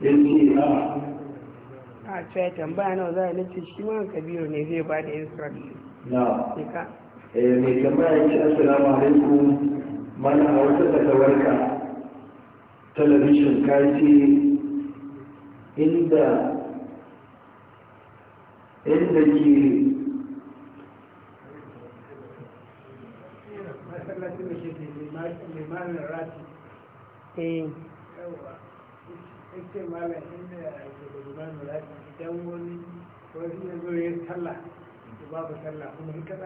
a cewa tambaya nawa za a nace shi ma kabiru ne zai ba da instruction na eh, mai tambaya ce assalamu alaikum mana a wata takawarka talabishin kaci inda inda ke masallacin da ke mai rati idan wani wani ya zo ya babu kuma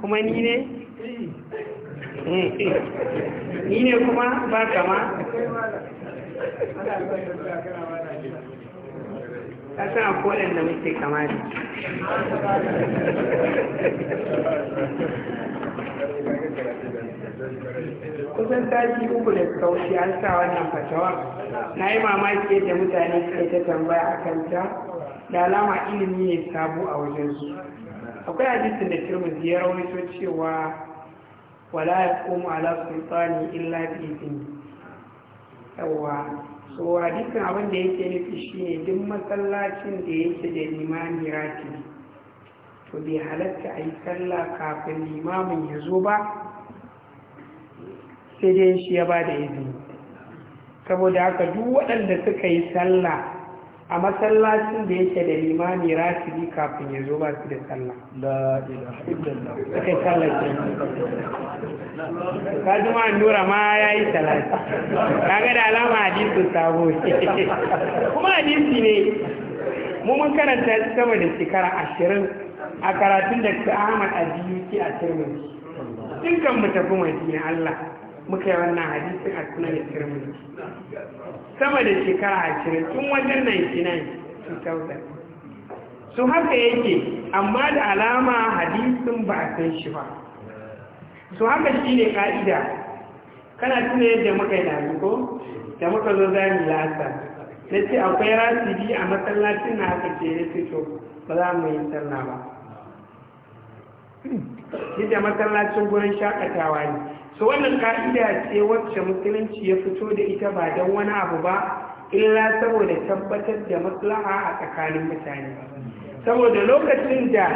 kuma ni ne? ni ne kuma ba kama? ta sana kolin da muke kama da kusan sati uku da suka wuce an sa wannan fatawa na yi mamaki yadda mutane suka ta tambaya a kanta da alama ilimi ne sabo a wajensu akwai hadisin da tirmidhi ya rawaito cewa wala ya ala sultani illa bi izini yawa so hadisin abin da yake nufi shine duk masallacin da yake da limami rati to bai halatta a yi sallah kafin limamin ya zo ba sai dai shi ya ba da izini saboda haka duk waɗanda suka yi sallah a masallacin da yake da limani rasibi kafin ya zo ba su da sallah suka sallah ke ka ji ma nura ma ya yi salati ga da alama hadisu sabo kuma hadisi ne mu mun karanta sama da shekara ashirin a karatun da ta ahmad a biyu ke a tirmidhi dukkan mu tafi madina allah muka yi wannan hadisi a sunan tirmidhi sama da shekara ashirin tun wajen 99 2000 su haka yake amma da alama hadisin ba a san shi ba su haka shi ne ka'ida kana tuna yadda muka yi dazu ko da muka zo za mu lasa na ce akwai rasibi a masallacin na haka ce ya fito ba za mu yi sallah ba shi da masallacin gurin shakatawa ne So wannan ka'ida ce wacce musulunci ya fito da ita ba don wani abu ba illa saboda tabbatar da maslaha a tsakanin mutane saboda lokacin da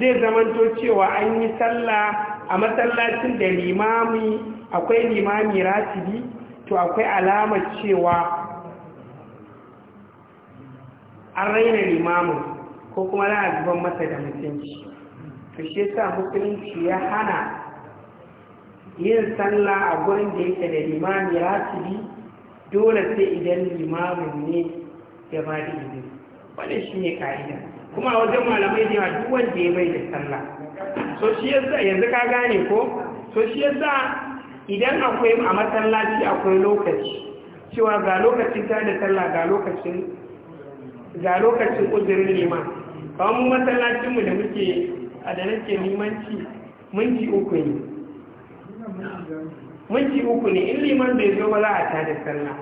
zai zamanto cewa an yi sallah a masallacin da limami akwai limami ratibi to akwai alamar cewa an raina limamin ko kuma za a zuban masa da mutunci to shi sa musulunci ya hana yin sallah a gurin da yake da limami ratibi dole sai idan limamin ne ya ba da izini wanda shi ne ka'ida kuma a wajen malamai da yawa duk wanda ya bai da sallah so shi yasa yanzu ka gane ko so shi yasa idan akwai a masallaci akwai lokaci cewa ga lokacin ta da sallah ga lokacin ga lokacin ƙudurin liman kawai mu masallacinmu da muke a da nake limanci minti uku ne munci uku ne in liman bai zo ba za a tada sallah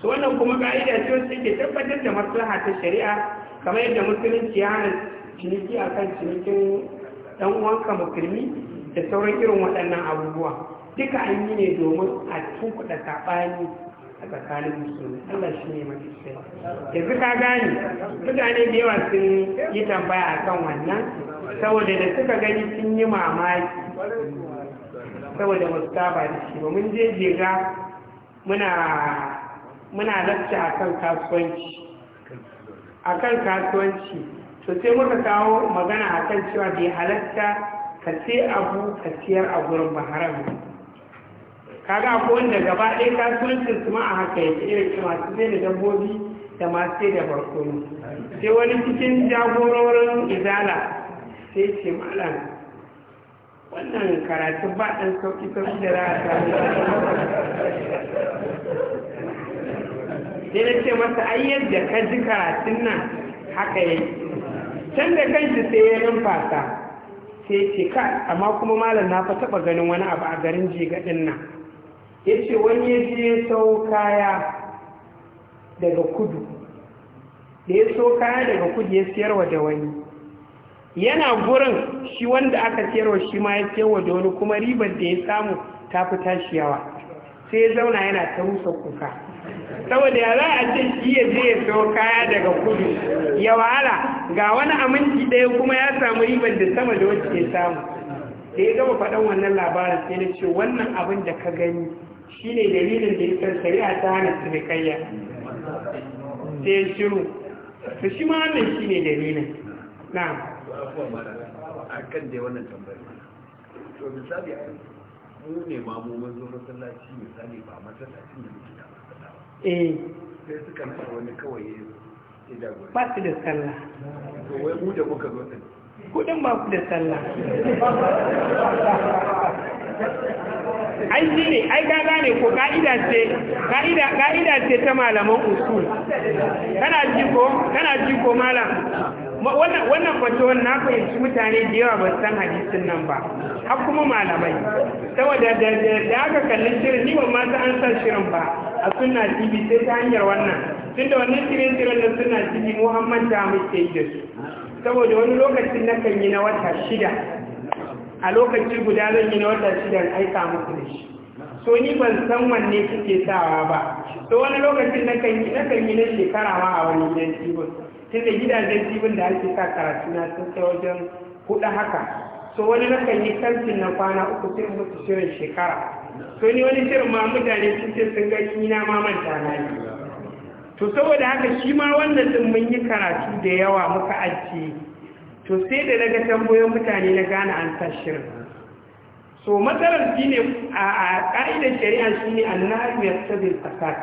su wannan kuma ka'ida ce ke tabbatar da maslaha ta shari'a kamar yadda musulunci ya hana ciniki a kan cinikin dan uwanka musulmi da sauran irin waɗannan abubuwa duka an yi ne domin a tunkuɗa saɓani a tsakanin musulmi allah shi ne mafi sai yanzu ka gane mutane da yawa sun yi tambaya akan wannan saboda da suka gani sun yi mamaki saboda ba saba da shi ba mun je jega muna muna lacca a kan kasuwanci a kan kasuwanci to sai muka kawo magana a kan cewa bai halatta ka ce abu ka siyar a gurin ba kaga akwai wanda gaba ɗaya kasuwancin su ma a haka yake irin masu zai da dabbobi da masu da barkono sai wani cikin jagororin izala sai ce malam wannan karatun ba ɗan sauƙi sauƙi da ra'a samu sai na ce masa ai yadda ka ji karatun nan haka yi can da kanshi sai ya numfasa sai ce ka amma kuma malam na fa taɓa ganin wani abu a garin jigaɗin nan ya ce wani ya je ya sau kaya daga kudu da ya sau kaya daga kudu ya siyarwa da wani yana gurin shi wanda aka wa shi ma ya siyarwa da wani kuma ribar da ya samu ta fi tashi yawa sai ya zauna yana ta rusa kuka saboda ya za a ce shi ya je ya siyo kaya daga kudu ya wahala ga wani aminci ɗaya kuma ya samu ribar da sama da wacce ya samu da ya gama faɗan wannan labarin sai na ce wannan abin da ka gani shine dalilin da ya shari'a ta hana cinikayya sai shiru su shi ma wannan ne dalilin afuwa a kan dai wannan tambayar to misali a mu ne ma mu mun zo masallaci misali ba masallacin da muke da masallaci eh sai suka nuna wani kawai ya jagora ba su da sallah to wai mu da muka zo din kudin ba ku da sallah ai ne ai ka gane ko ka'ida ce ka'ida ce ta malaman usul kana ji ko kana ji ko malam wannan fatuwar na fahimci mutane da yawa ba san hadisin nan ba har kuma malamai saboda da aka kalli shirin ni ban ma an san shirin ba a suna tv sai ta hanyar wannan tunda wannan shirin shirin da suna tv muhammad da muke yi da su saboda wani lokacin na kan yi na wata shida a lokaci guda zan yi na wata shida aika muku da shi so ni ban san wanne suke sawa ba to wani lokacin na kan yi na shekara ma a wani yanki ba da gidajen jibin da ake sa karatu na sun kai wajen kuɗa haka so wani na kan yi kantin na kwana uku sai mutu shirin shekara so ni wani shirin ma mutane sun ce sun gani na mamanta na yi to saboda haka shi ma wannan din mun yi karatu da yawa muka ajiye to sai da daga tambayoyin mutane na gane an sa shirin so matsalar shi ne a ƙa'idar shari'a shi ne annahu ya tsabil tsakar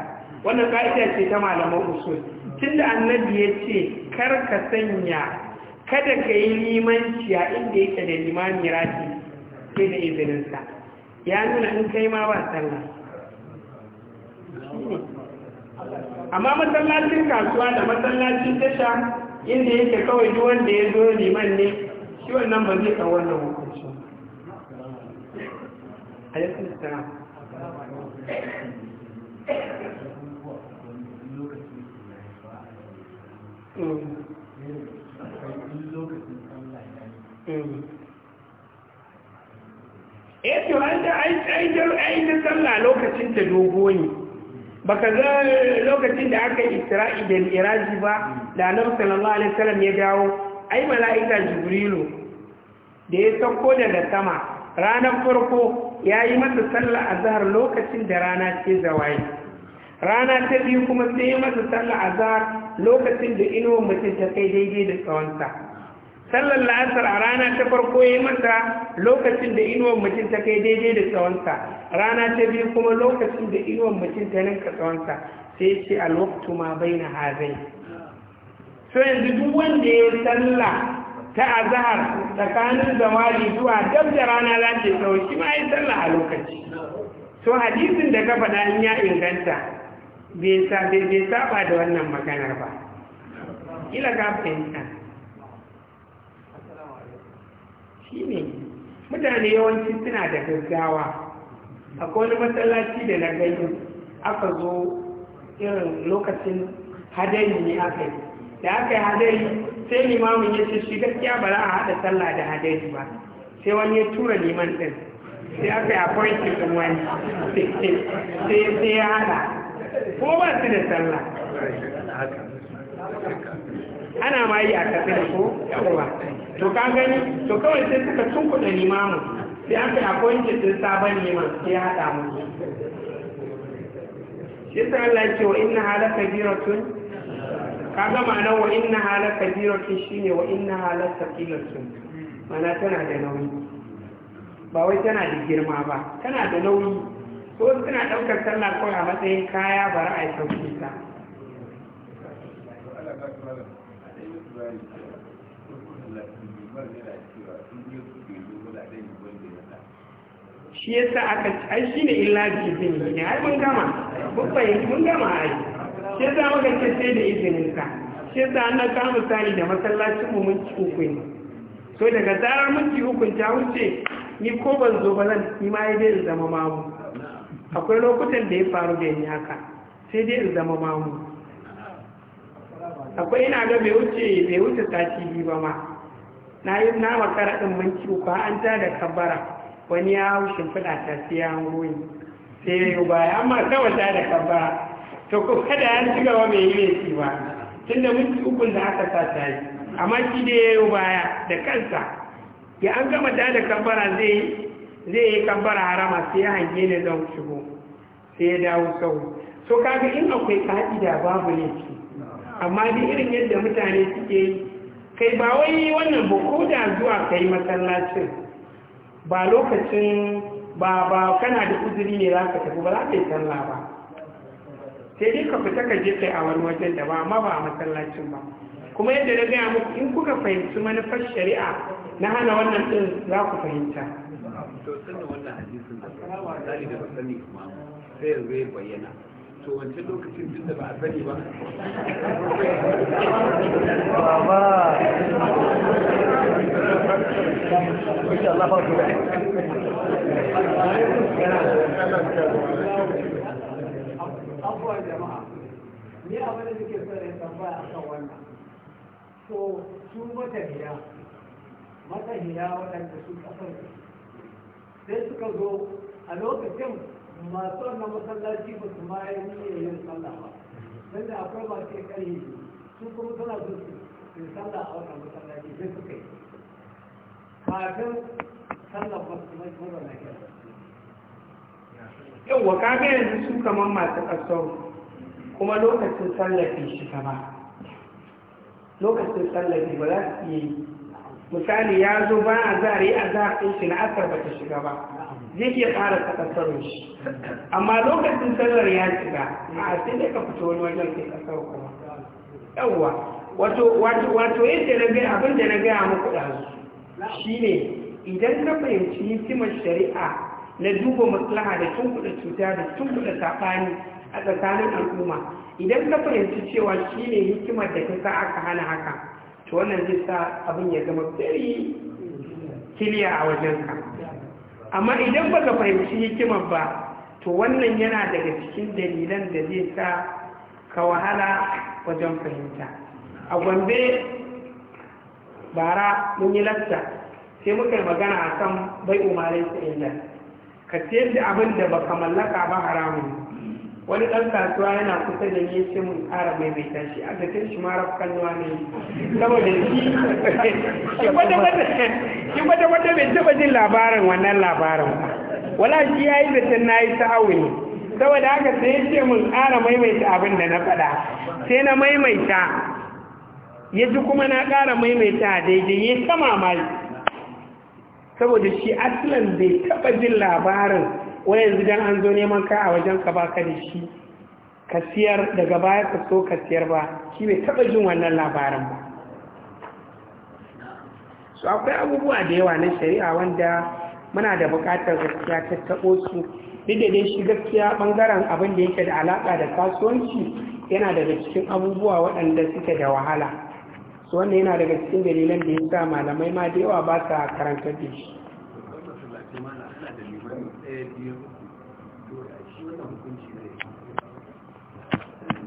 wannan ƙa'ida ce ta malaman usul tunda annabi ya ce kar ka sanya kada ka yi limanci a inda yake da limani rafi sai da izininsa ya nuna in kai ma ba sallah amma masallacin kasuwa da masallacin tasha inda yake kawai duk wanda ya zo liman ne shi wannan ba zai kan wannan hukunci alaikum eh an da ai sallah lokacin da dogo ne ka ga lokacin da aka isra'i da iraji ba da nan sallallahu alaihi wasallam ya dawo ai mala'ika jibrilu da ya sauko daga sama ranar farko ya yi masa sallah a zahar lokacin da rana ce zawaye. rana ta biyu kuma sai ya masa sallar azhar lokacin da inuwar mutum ta kai daidai da tsawonsa sallar la'asar a rana ta farko ya masa lokacin da inuwar mutum ta kai daidai da tsawonsa rana ta biyu kuma lokacin da inuwar mutum ta ninka tsawonsa sai ya ce alwaktu ma bai na hazai so yanzu duk wanda ya sallah ta azahar tsakanin zawali zuwa dab da rana za ta tsawo shi ma ya sallah a lokaci so hadisin da ka faɗa in ya inganta bai saba da wannan maganar ba kila ga fahimta shi ne mutane yawanci suna da gaggawa akwai wani matsalaci da na gani aka zo irin lokacin hadari ne aka yi da aka yi hadari sai limamin ya ce shi gaskiya ba za a haɗa sallah da hadari ba sai wani ya tura liman ɗin sai aka yi a appointing ɗin wani sai ya haɗa kuma ba su da sallah ana ma yi a kasi da ko yawa to ka gani to kawai sai suka tun kuɗa limamu sai aka yi akwai sun sabon liman sai ya haɗa mu shi sa Allah ce wa inna hala kabiratun ka ga ma'ana wa inna hala kabiratun shine wa inna hala sakilatun ma'ana tana da nauyi ba wai tana da girma ba tana da nauyi ko suna ɗaukar sallah kawai a matsayin kaya bara a yi sauƙi ta shi yasa aka ai shi ne illa jibin ne ai mun gama babbai mun gama ai shi yasa muka ce sai da izinin ka shi yasa an na kama sani da masallacin mu mun ci uku ne so daga zarar mun ci uku ta wuce ni ko ban zo ba zan ni ma dai zama mamu akwai lokutan da ya faru da ni haka sai dai in zama mamu akwai ina ga bai wuce bai wuce sati biyu ba ma na yi na makara din minti uku an ta da kabbara wani ya hau shimfiɗa ta sai ya hango sai ya yi baya amma ta wata da kabbara to ko kada ya ci gaba mai yi laifi ba tunda minti ukun da aka sa ta yi amma shi dai ya yi baya da kansa ya an gama ta da kabbara zai zai yi kabbar harama sai ya hange ne zan shigo sai ya dawo sau so kaga in akwai ka'ida babu laifi amma da irin yadda mutane suke yi kai ba wai wannan ba ko da zuwa kai masallacin ba lokacin ba ba kana da uzuri ne za ka tafi ba za ka yi sallah ba sai dai ka fita ka je kai a wani wajen da ba amma ba a masallacin ba kuma yadda na gaya muku in kuka fahimci manufar shari'a na hana wannan ɗin za ku fahimta misali da sani kuma sai yanzu ya bayyana to wancan lokacin tun da ba a sani ba ba abuwa jama'a ni abin da nake so da tambaya akan wannan su waɗanda su sai suka zo a lokacin masu wannan masallaci ba su ma yi niyyar yin sallah ba sai da akwai ba ke ƙarfi su kuma suna su su yi sallah a wannan masallaci sai su kai kafin sallah ba su mai kuma na kira wa kafin yanzu su kamar masu ƙasar kuma lokacin sallafi shi kama lokacin sallafi ba za su yi misali ya zo ba a zare a kai shi na asar ba ta shiga ba zai ke fara takasarar shi amma lokacin sallar ya shiga a sai da ka fito wani wajen ke kasar kuma yawwa wato yadda na gaya abin da na gaya muku ɗazu shi ne idan ka fahimci hikimar shari'a na duba maslaha da tunkuɗa cuta da tunkuɗa saɓani a tsakanin al'umma idan ka fahimci cewa shi ne hikimar da ta sa aka hana haka to wannan zai sa abin ya zama very kiliya a wajenka amma idan baka fahimci hikima ba to wannan yana daga cikin dalilan da zai sa ka wahala wajen fahimta a gombe bara mun yi lasta sai muka yi magana a kan bai umarai su ka ce da abin da baka mallaka ba haramun wani ɗan kasuwa yana kusa da ni ya ce mun ƙara mai mai tashi a zaton shi mara kalluwa ne saboda shi shi wata wata bai taɓa jin labarin wannan labarin ba wala shi ya yi zaton na yi sa'awu ne saboda haka sai ya ce mun ƙara maimaita abin da na faɗa sai na maimaita ya ji kuma na ƙara maimaita daidai ya sama mai saboda shi aslan bai taɓa jin labarin wai yanzu an zo neman kai a wajen ka baka da shi ka siyar daga baya ka so ka siyar ba shi bai taɓa jin wannan labarin ba su akwai abubuwa da yawa na shari'a wanda muna da bukatar gaskiya ta taɓo su duk da dai shi gaskiya ɓangaren abin da yake da alaƙa da kasuwanci yana daga cikin abubuwa waɗanda suke da wahala su wannan yana daga cikin dalilan da ya sa malamai ma da yawa ba sa karantar da shi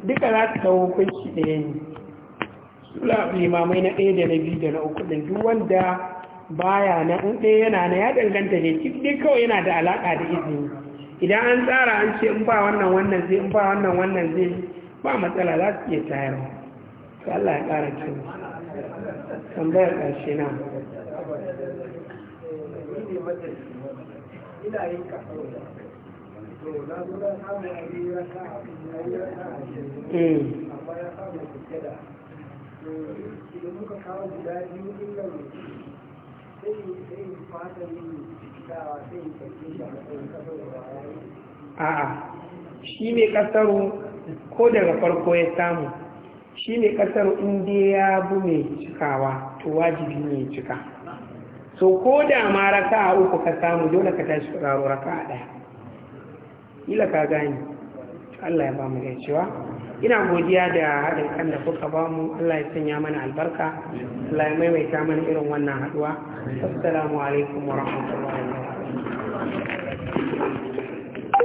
duka za su kawo hukunci ɗaya ne sula limamai na ɗaya da na biyu da na uku ɗin duk wanda baya na in ɗaya yana na ya danganta ne duk kawai yana da alaƙa da izini idan an tsara an ce in ba wannan wannan zai in ba wannan wannan zai ba matsala za su iya tayar to Allah ya ƙara cewa tambayar ƙarshe na mata ina yin kasar da to na zo na samu a yi raka a yi raka a shirin eh. amma ya samu kuke da to idan muka kawo guda biyu din nan sai sai fata yin dawa sai kake da matsayin kasar da a'a shi ne kasaro ko daga farko ya samu shi ne kasaro inda ya bu mai cikawa to wajibi ne ya cika so ko da ma raka uku ka samu dole ka tashi tsaro raka ɗaya ila ka gani Allah ya ba mu cewa ina godiya da haɗin kan da kuka ba mu Allah ya sanya mana albarka Allah ya maimaita mana irin wannan haɗuwa assalamu alaikum wa rahmatullahi